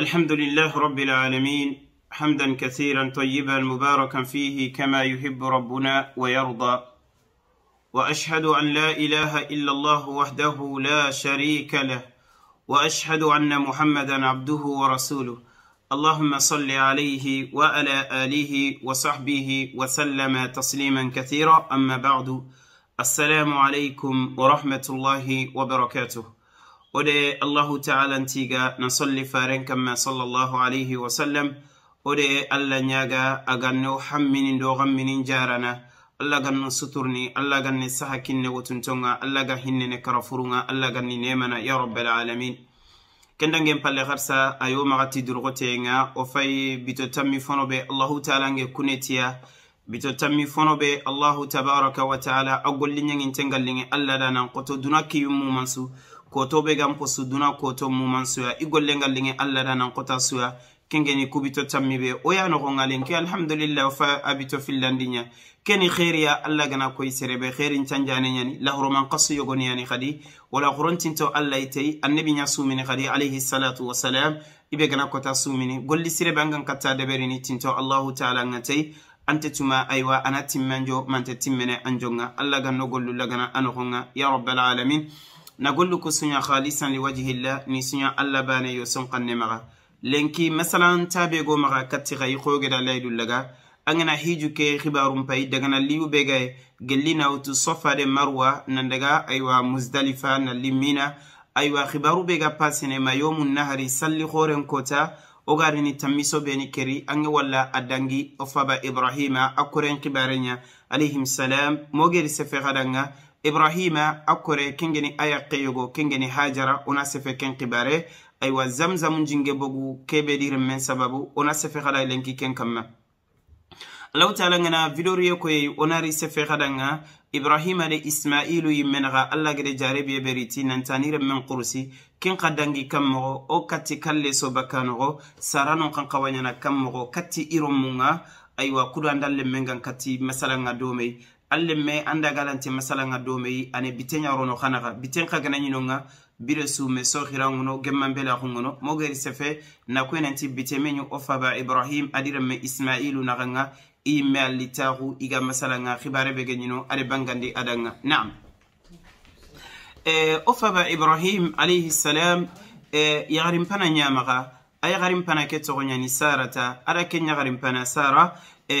الحمد لله رب العالمين حمدا كثيرا طيبا مباركا فيه كما يحب ربنا ويرضى واشهد ان لا اله الا الله وحده لا شريك له واشهد ان محمدا عبده ورسوله اللهم صل عليه وعلى اله وصحبه وسلم تسليما كثيرا اما بعد السلام عليكم ورحمه الله وبركاته o de allahu taala ntiiga na solli faren kam me sallllahu alayhi wa sallam o de allah ñaaga a ganno hammini ndo ganminin jarana allah ganno suturni allah ganne saha kinne wotuntonga allah ga hinnene karafurunga allah ganni nemana ya rabbal alamin kendangen palle harsa a yomaxati durgoteyenga o fay bito tammi fono be allahu taala nge kunetiya bito tammi fono be allahu tabaraka wa taala a golliñangintengallinge allah da nan qoto duna kiyummumansu kotobe gam ko suduna koto muman suya i golle ngal lingi allah da nan kota suya kengeni kubito tammibe o ya nogo ngalen ke alhamdulillah fa abito fillandiya keni heriya allah gana koyi serebe herin canjaneyani lahoroman kasu yogoniyani kadi wala horontinto allah itei annabiya sumini kadi alayhi salatu wasalam ibe gana kota sumini golli sirebe angan katta deberini tinto allahu taala nga tei ante tuma aywa ana timmanjo mante timmene anjonga allah gannogollu lagana anogonga ya rabbalalamin nagollu ko suɲa halisan li wajihillah ni suɲa allah bane yo sonkanne maga lenki masalan tabe go maga katti xa yixogeda laydu laga a gana hiju ke xibarunpayi dagana liyu be gaye gelli nawutu sofade marwa nan daga aywa musdalifa nali mina aywa xibaru be ga pasene ma yomun nahari salli xoren kota o garini tammiso beni keri a ge walla a dangi o faba ibrahima a kuren xibarenya alayhim salam mo geri sefe xadan ga ibrahima akore kengeni aya qeyogo kengeni hajara ona sefe ken qibare aywa zamzam jinge bogu kebe dirin men sababu ona sefe xada lenki ken kamma allahu taala ngana vidoriye koye onari sefe xada nga ibrahima de ismailu yi menaxa allah gede jarebiye beriti nantaniren men qurusi ken xa dangi kam moxo wo kati kanle so bakkanoxo sarano xan xawayana kam moxo kati iron mu nga aywa kudu andan len men gan kati masalanga domey alle me anda galante masalanga do me yi ane bitenyarono xanaxa biten xa ganañinonga bire sume soxira ngono gemmambela xungono mogeri sefe nakuenanti bitemeñu o faba ibrahim adiranme ismailu naxanga i me alli taxu iga masalanga xibare be geñino ade bangandi adanga naam e, o faba ibrahim alayhi salam e, yaxarimpana ñamaxa a yaxarimpana ke toxoñani sarata ada ken yaxarimpana sara e,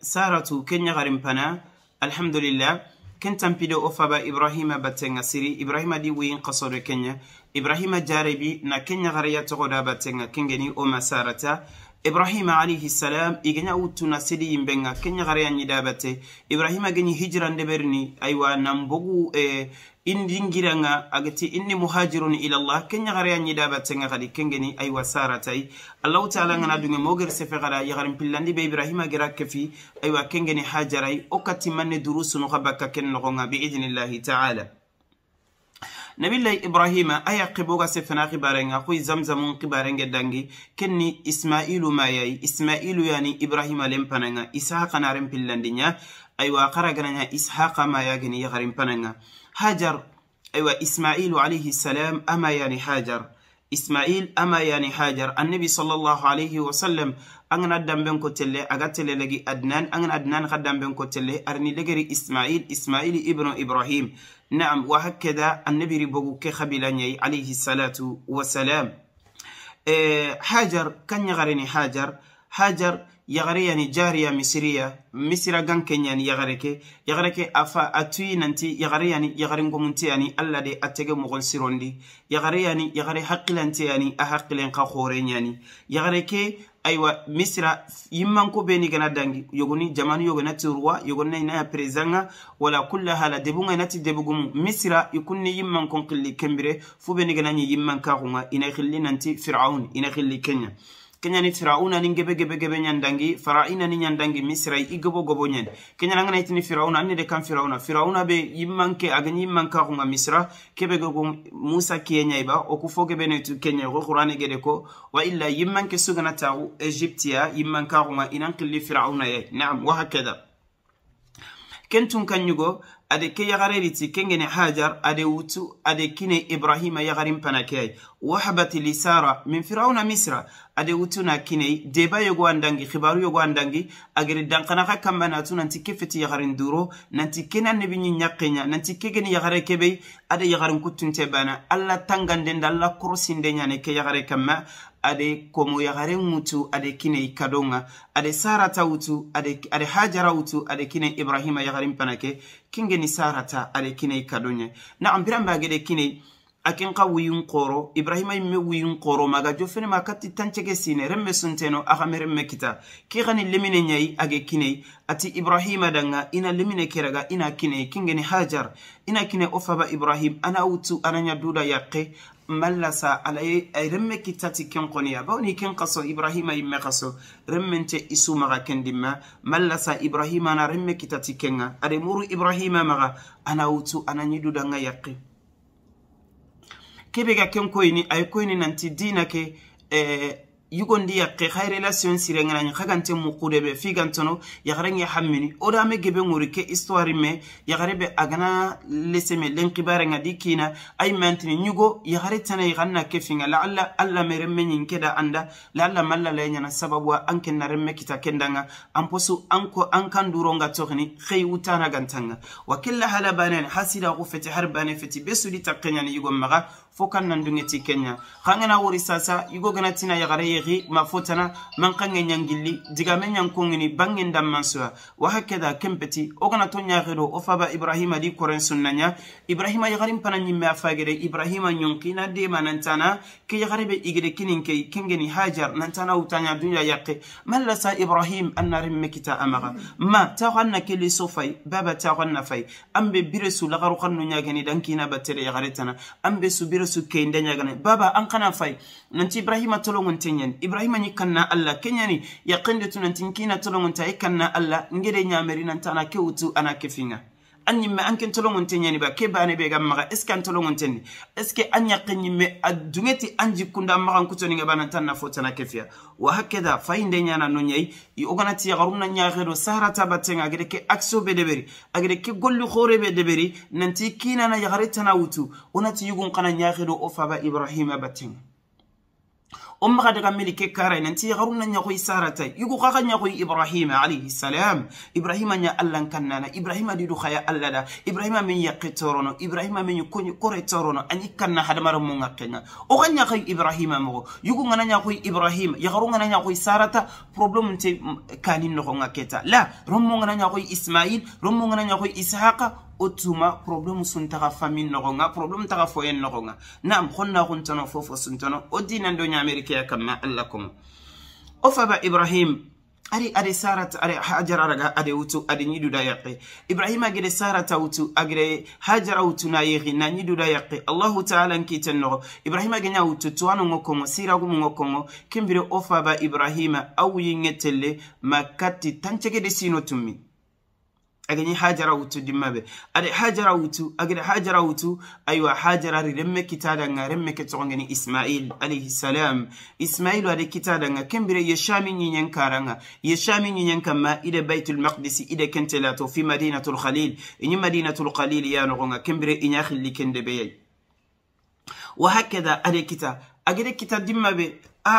saratu ken yaxarimpana alhamdulillah ken tampide o faba ibrahima battenga siri ibrahima ɗi wuyin kasoɗo kenya ibrahima jarebi na kenyagaraya togoɗa battenga kengeni o masarata ibrahima alayhisalam igeña wuttuna sidi yimɓenga kenyagaraya ñiɗa batte ibrahima geñi hijra ndeɓerni aywa nan bogu e eh, indingiranga agati inni muhajirun ilallah ken yagara yanyidabatenga gadi kengeni aywa saratai allahu taala ngana mm. dunge moger sefe gada yagarin pillandi be ibrahima gira kefi aywa kengeni hajarai okati manne durusunuga bakka ken nogonga biidnillahi taala nabillahi ibrahima aya kiboga sefena kibarenga koi zamzamun kibarenge dangi kenni ismailu mayai ismailu yani ibrahima lempananga ishaqa naren pillandinya aywa kara gananya ishaqa mayagini yagarin pananga hajar aywa ismailu alayhi ssalam ama yani hajar ismail ama yani hajar annabi salllahu alayhi wasallam angana damben ko telle aga telle lagi adnan angana adnan ka damben ko telle arani legeri ismail ismaili ibnu ibrahim naam wa hakkeda annabiri bogu ke kabilanyayi alayhi salatu wasalam e, eh, hajar kanyagarini hajar hajar yagareyani jariya misiriya misira gankeyani yagareke yagareke afa atui nanti yagareyani yagare ngomuntiyani alla de atege mogol sirondi yagareyani yagare hakkilanteyani a hakkilen ka horeyani yagareke aiwa misira yimmanko beni gana dangi yogoni jamanu yogo nati rowa yogoni nai naya présidentga wala kulla hala debunga nati debugumu misira ikunni yimmankon kili kembire fu beni ganani yimmankakunga ina hilli nanti firaun ina hilli kenya keñani firaunani gebe gebe gebe ñandangi faraunani ñandangi misray i gobo gobo ñan keñanaganaitini firauna annide kam firauna firauna be yimmanke aga yimmankaxunga misra kebe gobo musa kiyeñayba oku fo gebe netu keñe xo xurane gede ko wa illa yimmanke suganataxu égyptia yimmankaxunga inan qilli firaunayay naam waxa kedar kentun kanyugo ade ke yagareriti kengene hajar ade wutu ade kine ibrahima yagarin panakeyay wahabati lisara min firauna misra ade wutuna kiney deba yogo andangi hibaru yogo andangi agere dankanaka kamba natu nanti kefeti yagarin duro nanti kenanebiyi yakkeya nanti kegeni yagare kebey ade yagarin kuttunte bana allah tangandende allah korosindeyane ke yagare kamma ade komo yahare wutu ade kine kadoŋa ade sarata wutu ade hajara wutu ade kine ibrahima yahari panake kinge ni sarata ade kine kadoŋa naam birambagede kine akin ka wuyin koro ibrahima yin me wuyin koro maga jo fene ma kati tancege sine remme sunteno aha me remme kita ki gani lemine nyai age kine ati ibrahima danga ina lemine kiraga ina kine kingeni hajar ina kine ofaba ibrahim ana utu ananya duda yake mallasa alaye ay renme kittati kenkoniya bawni ken kaso ibrahima yimme kaso renmente isu maga kendinma mallasa ibrahima ana renme kittati kenga ada muru ibrahima maga ana wutu ana ñidudanga yakki kebe ga kenkoyini ay koyni nanti dinake eh, yugondi yakke xa relation sirengenañi xagante muqude ɓe figantono yaxarenge xammini odame gebe ŋori ke histoire me yaxare ɓe agana leseme lenkibarenga di kina ay mantini ñugo yaxare tanayi xan na ke finga laalla alla me renme ñin keda anda laalla mallalayñana sababua an kenna renme kita kendanga an posu anko an kan duronga toxini xey wutana gantanga wa kella hala baneni hasidaxu feti har bane feti be sudi taqqeñani yugon maxa fo kan nandungeti kenña xa ngana wori sasa yugo ganatina yaxareye yeri ma fotana man kange nyangilli diga men nyankongini bangen dam mansuwa wa hakeda kempeti ogana to nyaredo o faba ibrahima di koren sunnanya ibrahima yagarim pana nyimme afagere ibrahima nyonki na de manantana ke yagarebe igede kininke kengeni hajar nantana utanya dunya yaqe malla sa ibrahim annarim mekita amaga ma tawanna ke li sofai baba tawanna fai ambe biresu lagaru kannu nyageni dankina batere yagaretana ambe su biresu ke ndenyagane baba ankana fai nanti ibrahima tolongon tenya nen ibrahima ñikkan na allah keñani yaqinde tunantin kina tologonta ikkan na allah ngede ñameri nanta ana ke utu ana ke finga an ñimme an ken tologonte ñani ba ke bane ɓe gam maxa est ce que an tologonten ni est ce que an ñakqe ñimme a dungeti an jikkunda an maxan kutoninga ba nanta na fotana ke fiya wa hakkeda fayinde ñana no ñayi i oganati yaxarum na ñaxeno saharata battenga agede ke action ɓe deɓeri agede ke golli xore ɓe deɓeri nanti kinana yaxaretana wutu onati yugun xana ñaxeno o faba ibrahima battenga o maxa daga meli ke karay nanti yaxaruna ñaxoy saratay yugu xaxa ñaxoy ibrahima alayhi salam ibrahima ña allan kannana ibrahima didu xaya allada ibrahima men yaqe torono ibrahima men kore torono añi kanna hadamara mo ŋaqenga oxa ñaxay ibrahima moxo yugu ngana ñaxoy ibrahima yaxaru ngana ñaxoy sarata problème nte kanin noxo ŋa keta la rommo ngana ñaxoy ismail rommo ngana ñaxoy isaaqa o tuma problème suntaxa famille noxonga problème taxa foyen noxonga nam xonna xuntano fofo suntano o dinando ñameri ke a kamma allah komo o faba ibrahim ari ade sarata ade hajar araga ade wutu ade ñiduda yaqe ibrahima agede sarata wutu agede hajara wutu na yexi na ñiduda yaqe allahu taala nkiten noxo ibrahima ageña wutu tuwanongo kongo siragumongo kongo kembire o faba ibrahima a wuyinŋe telle ma kati tancegede sino tummi agañi hajara wuttu dimmaɓe aɗa hajara wuttu agaɗa hajara wuttu aywa hajarari remme kitaɗanga remme ketogeni ismail alayhisalam ismail aɗa kitaɗanga kembire yeshami ñiñen karanga yeshami ñiñen kamma iɗe baytul makdisi iɗe kentelato fi madinatul khalil iñi madinatul khalil yanogonga kembire iña xilli kendeɓeyay wa hakkeda aɗa kita agaɗa kita dimmaɓe a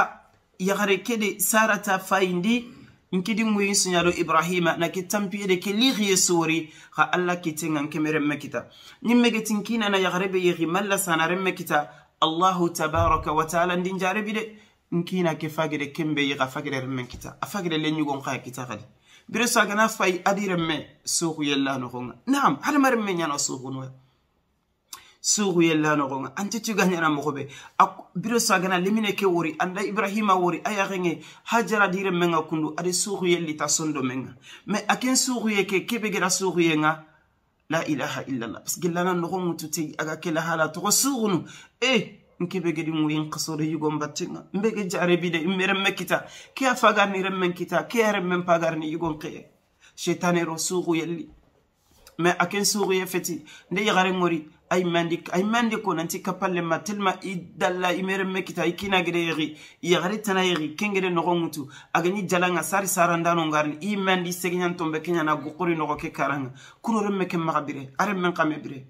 yagare keɗe sarata fayindi nkidimuyin suñado ibrahima nake tampiyede ke lixiye soori xa allah kitengan keme renme kita ñin megetin kinana yaxarebe yexi malla sana renme kita allahu tabaraka wataala ndinjarebi de nkina ke fagede kembe yixa fagede renmen kita a fagede lenñugon xaya kita xadi bire so a gana fayi adi renme sooxu yellanoxonga naam hadama renme ñana sooxunoya sugu yellanogoga anti tuganyara mogobe biroso agana limine ke wori anda ibrahima wori ayagenge hajara dire menga kundu ade sugu yellita sondo menga ma aken sugu yeke kebe gera sugu yenga la ilaha illallah parce que lana nogo ŋutu te aga kela hala togo sugunu e nkebe gedi muyin kasore yugo mbattenga mbege jarebide imerenme kita ke a fagarni renmen kita ke arenmen pagarni yugo nkeye shetanero sugu yelli ma aken sugu ye feti nde yagaren ŋori ayimandi ayimandi ko nanti kapalle ma telma i dalla imere mekita i kinagede yeri yagari tana yeri kengede nogo ŋutu agani jalanga sari sarandano ngarini iimandi segeɲantombe keɲana gokori nogo ke karanga kurore meke maga bire are men kame bire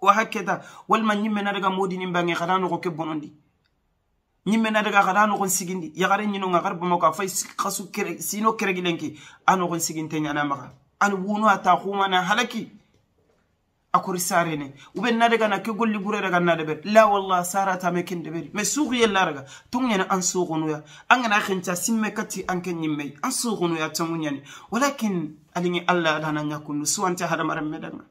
waha keta walma ɲimmena daga modinin bange gada nogo ke bonondi ɲimmena daga gada nogon sigindi yagare ɲinonga gar bamako afai kasu sino keregilenki a nogon siginte ɲana maga ani wunu ata humana halaki akori sare ne uɓe nadega na ke golli gureraga nade ɓer la walla saratame kende ɓeri mais suuku yellaraga tongene an sogonuya angena xenca simme kati anke ñimmey an sogonuya tanguñani walakin aligi allah adana ñakundu suwante hadamaren meɗanga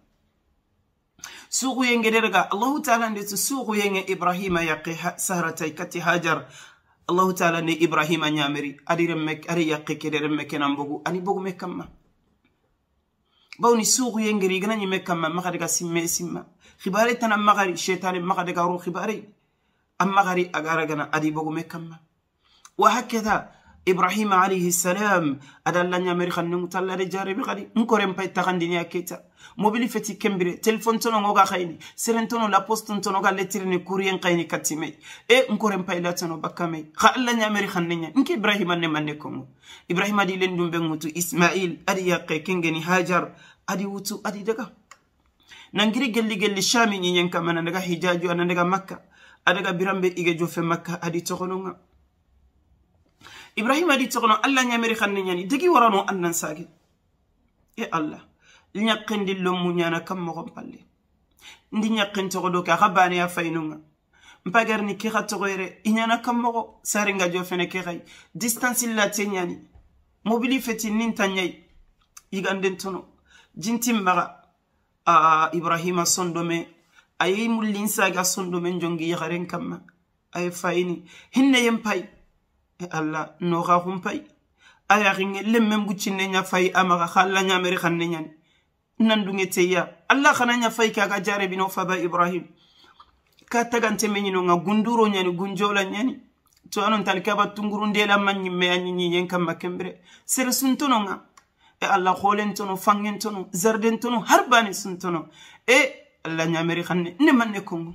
suuku yengederga allahu taala ndeto suuku yenge ibrahima yaqi saratay kati hajar allahu taala nde ibrahima ñameri adi remme ari yaqi kede remme kenan bogu ani bogume kamma bawni suuku yengeri iganañi mekkamma makhade ga simme simma khibare tan a makhari cheytane makhade ga ro khibare a makhari agaragana adi bogo mekkamma wa hakketa ibrahima alayhi salam ada lañameri xan nengu tallade jarebi xadi nkoren pay taxandini a keta mobili feti kembire téléphone tonongoga xayni seren tono la poston tonoga lettirini courien xayni kattimey e nkoren pay latono bakkamey xa allañameri xan ne ña nke ibrahima ne manne kongo ibrahima adi len dumbe ŋutu ismail adi yaqe kengeni hajar adi wutu adi daga nangiri gelli gelli chami ñiñen kamana daga hijaju ana daga makka adaga biranbe igejofe makka adi toxononga ibrahima di tokono allah ñamiri xanne ñani degi warano annan sage e allah ñakkindi lommu ñana kam moxon palle ndi ñakkin toxo doke axa baneya faynunga mpagar ni kexa toxoyere i ñana kam moxo saringa jo fene kexay distansillate ñani mobili feti nin ta ñay yiganden tono jintinmaxa a ibrahima sondome ayi mullinsage a sondome njongi yaxaren kamma aye fayini hinne yen pay e allah noxa xum fay a yaxinge lemme mbuccinne ña fay a maxa xa la ñamere xanne ñani nandunge teya allah xana ña fay kaga jarebino faba ibrahim ka tagante meñinonga gunduro ñani gunjola ñani to anon tali kaba tunguru ndelama ñimme a ñiñiñen kamma kembre sere suntononga e allah xolen tono fangen tono jardin tono har bane suntono e allah ñamere xanne ne manne kongo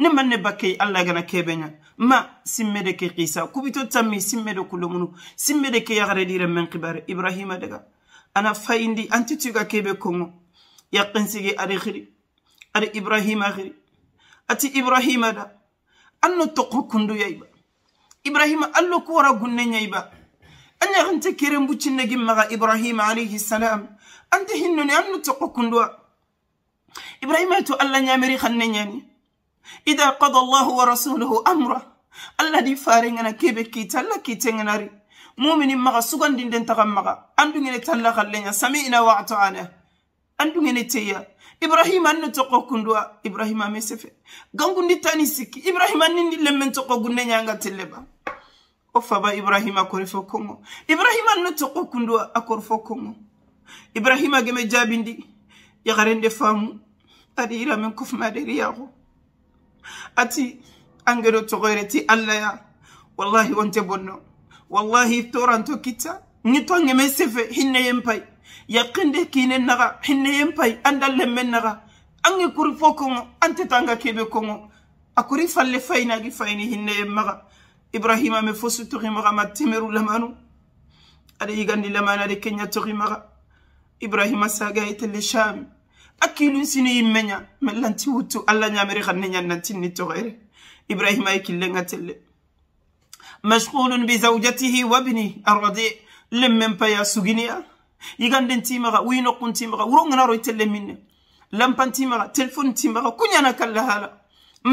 ne manne bakkey allah gana keɓeñan ma simmede ke kisa kubito tammi simmede kulomunu simmede ke yagarediren men kibare ibrahima daga ana fayindi antituga kebe kongo yakkinsigi ada xiri ada ibrahima xiri ati ibrahima da anno tokko kundu yayba ibrahima allo kuwara gunne yayba a ñaxinte keren buccinnegin maxa ibrahima alayhi salam ante hinnoni anno tokko kunduwa ibrahima to allah ñameri xanne ñani ida kada allahu wa rasuluhu amra allah ɗi farengana keɓe kiite allah kiitengenari mumini maga sugandinden tagan maga andugene talla kallenya sami ina wato ana andugene teya ibrahima anne tokko kunduwa ibrahima me sefe gangundi tani sikki ibrahima anninni lemmen tokko gunne yanga telleba o faba ibrahima korefo kongo ibrahima anne tokko kunduwa a korfo kongo ibrahima geme jabindi yagarende faamu aɗi iramen kofmaɗeriyago ati angero togoyreti allaya wallahi wonte bonno wallahi iftoran tokkitta ngito ngeme sefe hinneyen pay yaqinde kinen naga hinneyen pay andallemmen naga ange kuri fo kongo ante tanga kebe kongo akuri falle faynagi fayni hinneyen maga ibrahima me fo sutoxi ma temeru lamanu ada yigandi lamana ade kenya toxi maga ibrahima saga itelle shaami. akilun sini immeña mellanti wuttu allah ñamiri xan ne ñannantinni toxeyre ibrahima ye killenga telle mashulun bi zaujatihi wabni arade lemmen paya suginiya yiganden timaxa wi noqun timaxa wurongenaroy telle minne lampan timaxa telephone timaxa kuñana kalla hala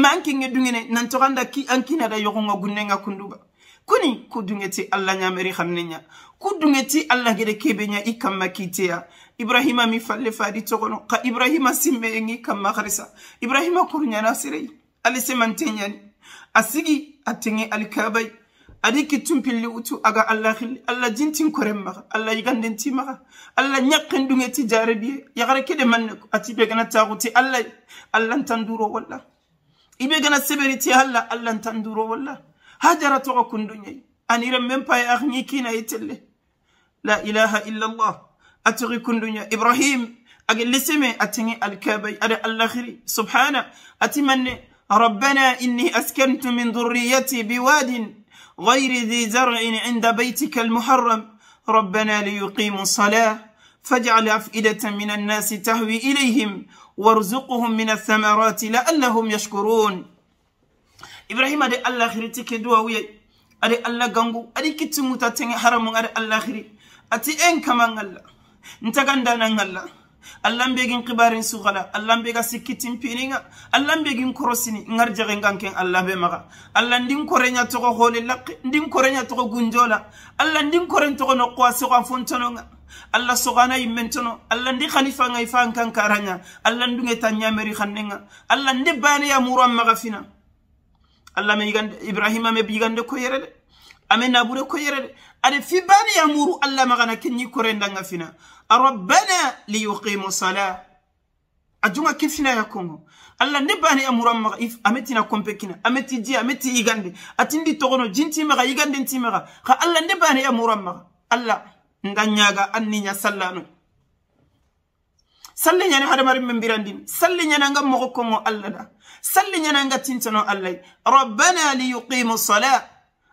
ma an kinge dungene nantoxanda ki an kinada yoxonga gunnenga kunduba kuni kudungeti allah nyameri hamneya kudungeti allah gede kebeya i kamma kiteya ibrahima mi falle fadi togono ka ibrahima simme en i kamma harisa ibrahima kurnyana sirei alisemanteyani asigi atenge alikabai adi kittumpilli utu aga allah hilli allah jintin koren maga allah yigandenti maga allah nyakken dungeti jarebiye yagara kede manne ati beganatauti allah allah ntanduro walla ibegana seberiti allah allah ntanduro wallah هجر توغو كندوني أني رمم باي أغني كينا يتل لا إله إلا الله أتغي دنيا إبراهيم أقل سمي أتني الكابي أرى الأخري سبحانه أتمنى ربنا إني أسكنت من ذريتي بواد غير ذي زرع عند بيتك المحرم ربنا ليقيموا الصلاة فاجعل أفئدة من الناس تهوي إليهم وارزقهم من الثمرات لأنهم يشكرون ibrahima ade allahiri tike duwa wiye ade allah gangu adi kittimuta tege haramu ade allahiri ati en kaman allah ntagandanan allah allahnbegin kibarin sugala allahnbega sikkitin pininga allahnbegin korosini ngar jege ganken allahbe maga allah ndin korenya togo hole lakke ndin korenya togo gunjola allah ndin koren togo nokkowa sogo fontononga allah sogana yimmentono allah ndi hanifangayi fankankaranya allah ndungetan yameri hannenga allah ndi baneya muruan maga fina allah ma yigande ibrahima me yigande ko yerede amin nabure ko yerede aɗe fibani yamuru allah magana kenñi korendanga fina a rabbana li yuqimu sala a junga kinfina yakkongo allah nebbani yamuru amaga if ametina kompe kina ameti di ameti yigande atindi togono jintimaga yigandentimaga ha allah nebbani yamuru amaga allah ngañaga anniña sallano salle ñane hadamarimme birandin salle ñanangam mogo kongo allah da sallinyanangatintano allah rabbana li yuqimu sala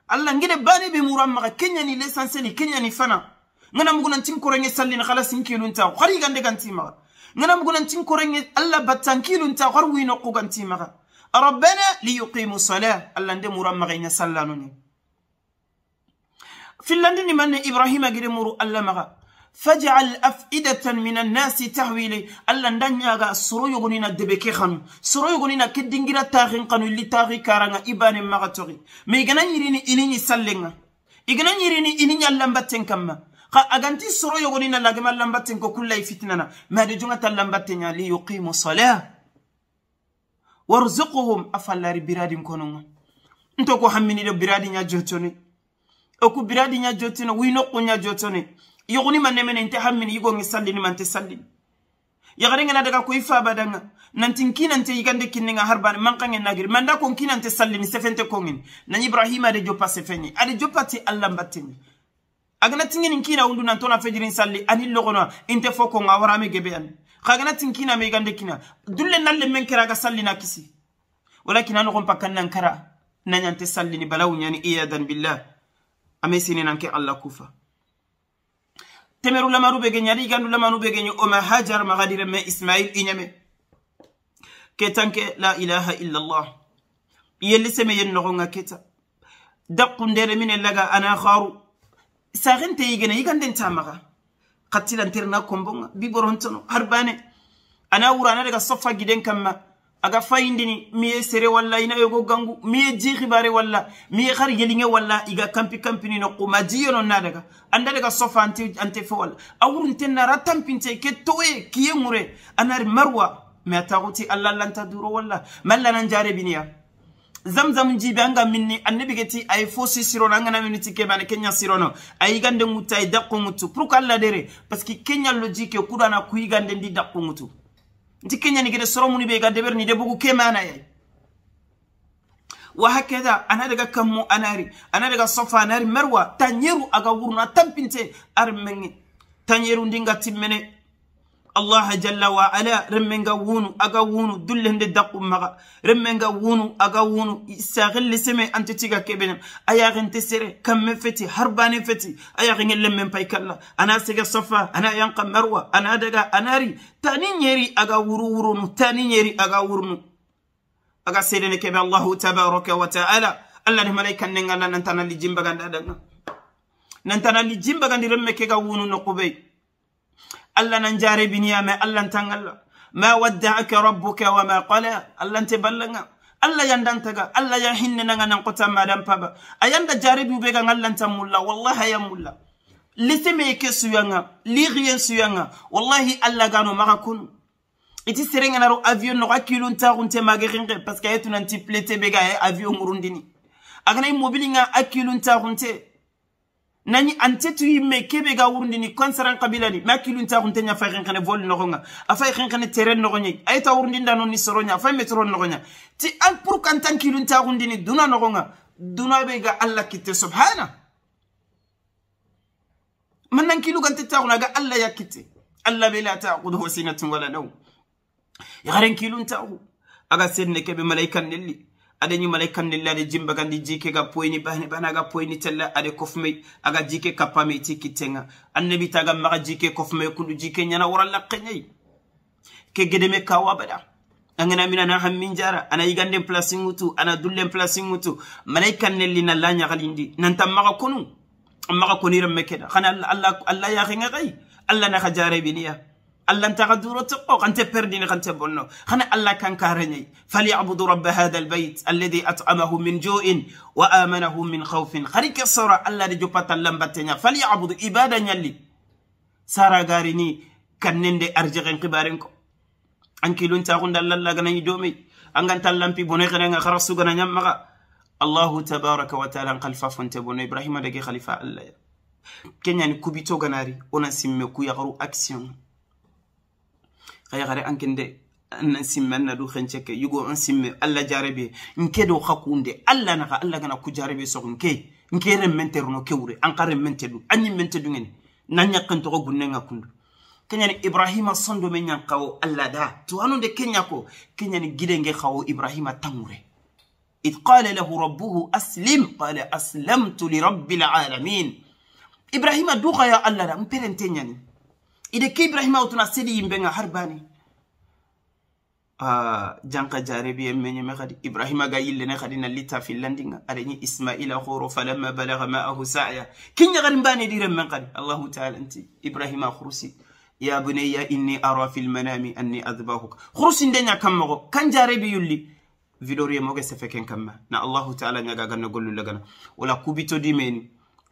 allah ngide baniɓe muranmaga keyani lessenceli keyani fana ganamugunantin korenye sallini hala sinkilunta har yigande gantimaga ganamugunantin korenye allah battankilunta har winokku gantimaga rabbana li yuqimu sala allah nde muranmagaya sallanoni fillandini manne ibrahima gide muru allah maga fajal afidatan min annasi tahwili allah ndanyaga soro yogonina debe ke hanu soro yogonina keddingira tahin kanu li tahi karanga ibane maga togi ma igana yirini ininyi sallenga igana yirini ininyi allahnbatten kamma ha aganti soro yogonina lagema allahnbatten ko kullai fitnana mado jongata allahnbattenya li yuqimu salah warzukuhum afallari biradin kononga nto ko hamminiɗo biradinya jotone oku biradinya jotone wi nokkunya jotone yogunimannemenente hammini yigonge sallinimante sallini yagarenge na daga koyi fabadanga nanti nki nante yigande kinnega har bane mankage nagiri manda ko nki nante sallini sefente kongeni nan ibrahima ade joppa sefeñe ade joppate allah mbatteni aganatingeni nkina wundu nantona fejirin salli ani logonoa inte fo konga warame gebeyani kaganati nkinama yigande kina dulle nalle men kera ga sallina kisi walakin anogon pakkannan kara nañante sallini balawuñani iyadan billah ama sini nanke allah kufa temeru lamaruɓe ge ñariganu lamaruɓe ge ño oma hajar magadire me ismail iñame ketanke la ilaha illallah yelli seme yen nogonga keta daqu ndere mine laga ana haru saxente yigene yigandenta maga xattilanterna kombonga biborontono har bane ana wurana daga sofa giden kamma aga fayindini miye sere walla ina yogo gangu miye ji hibare walla miye har yelinge walla iga kampi kampini noku ma jiyono na daga anda daga sofa ante, ante fo walla awurinte nara tampinte ke toye kiye ŋure anari marwa mi atagoti allah lanta duro walla mallana jare biniya zamzam jibe anga minni annabigeti ay fosi sirono angana miniti kebane kenya sirono ayigande ŋutta ay dakko ŋuttu pourque allah dere parceque kenyallo ji ke kudana kuyigande ndi dakko ŋutu dikkeñani gede soromuni ɓe ga deɓerni debugu ke manayay wa hakkeda ana daga kammo anari ana daga sofa anari merwa ta yeru aga wurno a tampinte ar menge ta yeru ndinga timmene allaha jalla wa ala remmen nga wunu aga wunu dulle nde daɓɓu maga remmen nga wunu aga wunu sa xelle seme ante tiga keɓenen a yaxente sere kamme feti har bane feti a yaxingelle men pay kalla ana sega safa ana yanka marwa ana daga anari tani ñeri aga wuru wurunu tani ñeri aga wurnu aga seedene keɓe allahu tabaraka wa taala allah ne malaykan nenganda nantanali jimbaga ndaɗaga nantanali jimbaga ndi remme kega wunu no quɓey الله ننجاري بنيا ما الله تنقل ما ودعك ربك وما قال الله تبلغ الله يندن تجا الله يحن نعنا نقطع ما دام بابا أيند جاري بيجا الله تمولا والله يا مولا لتميك سيانا لغين سيانا والله الله جانو ما كون إتي سرينا رو أفيون نقاكيلون تارون تماغرين بس كي تنتي بلتي بيجا أفيون مرونديني أغنى موبيلينا أكيلون تارون تي nani an tetu yimme keɓe ga wurdini concerant kabila ni ma kiluntaxun teña fay xenxene voli noxoga a fay xenxene teren noxoña ayita wurdindano ni soroña a fay métro noxoña ti an pour qu an tan kiluntaxundini duna noxoga duna ɓe ga allah kitte subhana mannan kilugantettaxuna ga allah yakkitte allah ɓe lata axud hosinatum wala law yaxaren kiluntaxu aga senne keɓe malaikan nelli ada ñumale kamnilla ade jimba gandi jike ga poyni bahni bahna ga poyni tella ade kofme aga jike kappame tikki tenga annabi taga maga jike kofme kundu jike ñana waralla qeñayi ke gedeme kawa bada angana mina na hammi jara ana yiganden place ŋutu ana dullen place ŋutu malay kannelli nalla ñagalindi nanta maga konu maga koni ranme keda hana allah yaxe ŋa xayi allah naxa jarebiniya allah ntaxa durote o xante perdini xante bonno xane allah kanka reñay falyabudu rabe hada lbeyt alladi atamahu min join wa amanahu min xawfin xari ke sora allah de jopatan lambateña falyabudu ibada ñalli saragari ni kan nende arjexen xibarin ko ankilontaxunda lallaganai domey a ngantan lampi bone xenanga xara sugana ñammaxa allahu tabaraka wa taala nxalfa fonte bono ibrahima dage xalifa allah ya keñani kubitoganari wona simme kuyaxaru action hayahare ankende anan simme anna ɗu hen cekke yugo an simme allah jarebe nkeɗo hakkude allah naha allah gana ku jarebe sog nke nke ren menterno kewre anka ren mente ɗu anñin mente ɗu gene nanñakken toko gunne gakkundu keñani ibrahima sondome ñan kawo allah da to hanude keña ko keñani guidenge hawo ibrahima tanwre id qala lahu rabbuhu aslim qala aslamtu li rabbi lalamin ibrahima duhaya allah da mperente ñani ide ke ibrahima otona seli yimɓega har bani Uh, janka jarebi en meñeme kadi ibrahima ga yille ne kadi nallita fillandiga aɗañi ismaila horo falamma balaga maahu saya kinña kadi mbaneɗiren men kadi allahu taala nti ibrahima hursi ya bunayya inni ara fi lmanami anni adbahuka hursi ndeña kammogo kan jarebi yulli vidoriemoge sefeken kamma na allahu taala ñagagan no gollullagana wala kubitodimeni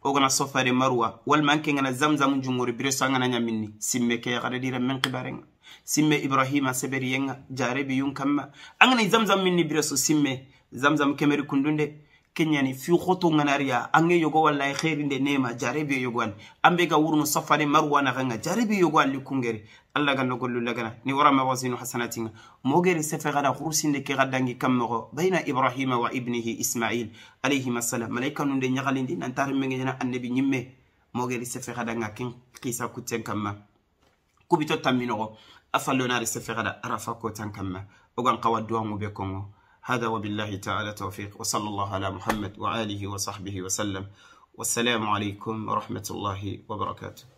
wogana sofare maruwa walma anke ngana zamzam jumori bire so angana ñaminni simme keyakada dira men kibarenga simme ibrahima seberiyenga jarebi yunkamma anganai zamzam minni bire so simme zamzam kemeri kundunde keyani fi xoto ganariya ange yogo wallayi xerinde nema jarebe yogoani ambe ga wurno safane marwanaxanga jarebe yogo an likungeri allah ga nogollu lagana ni waramawasinu hasanatinga mogeri sefe xada xurusinde ke xaddangi kam moxo bayna ibrahima wa ibnihi ismail alayhimasalam malaika nunde ñaxalindi nanta remmengeana annabi ñimme mogeri sefe xadanga ken xisa kutten kam ma kubito tammi noxo a fallonari sefe xada arafa kotan kam ma ogan xawa duwa ngube kongo هذا وبالله تعالى توفيق وصلى الله على محمد وآله وصحبه وسلم والسلام عليكم ورحمة الله وبركاته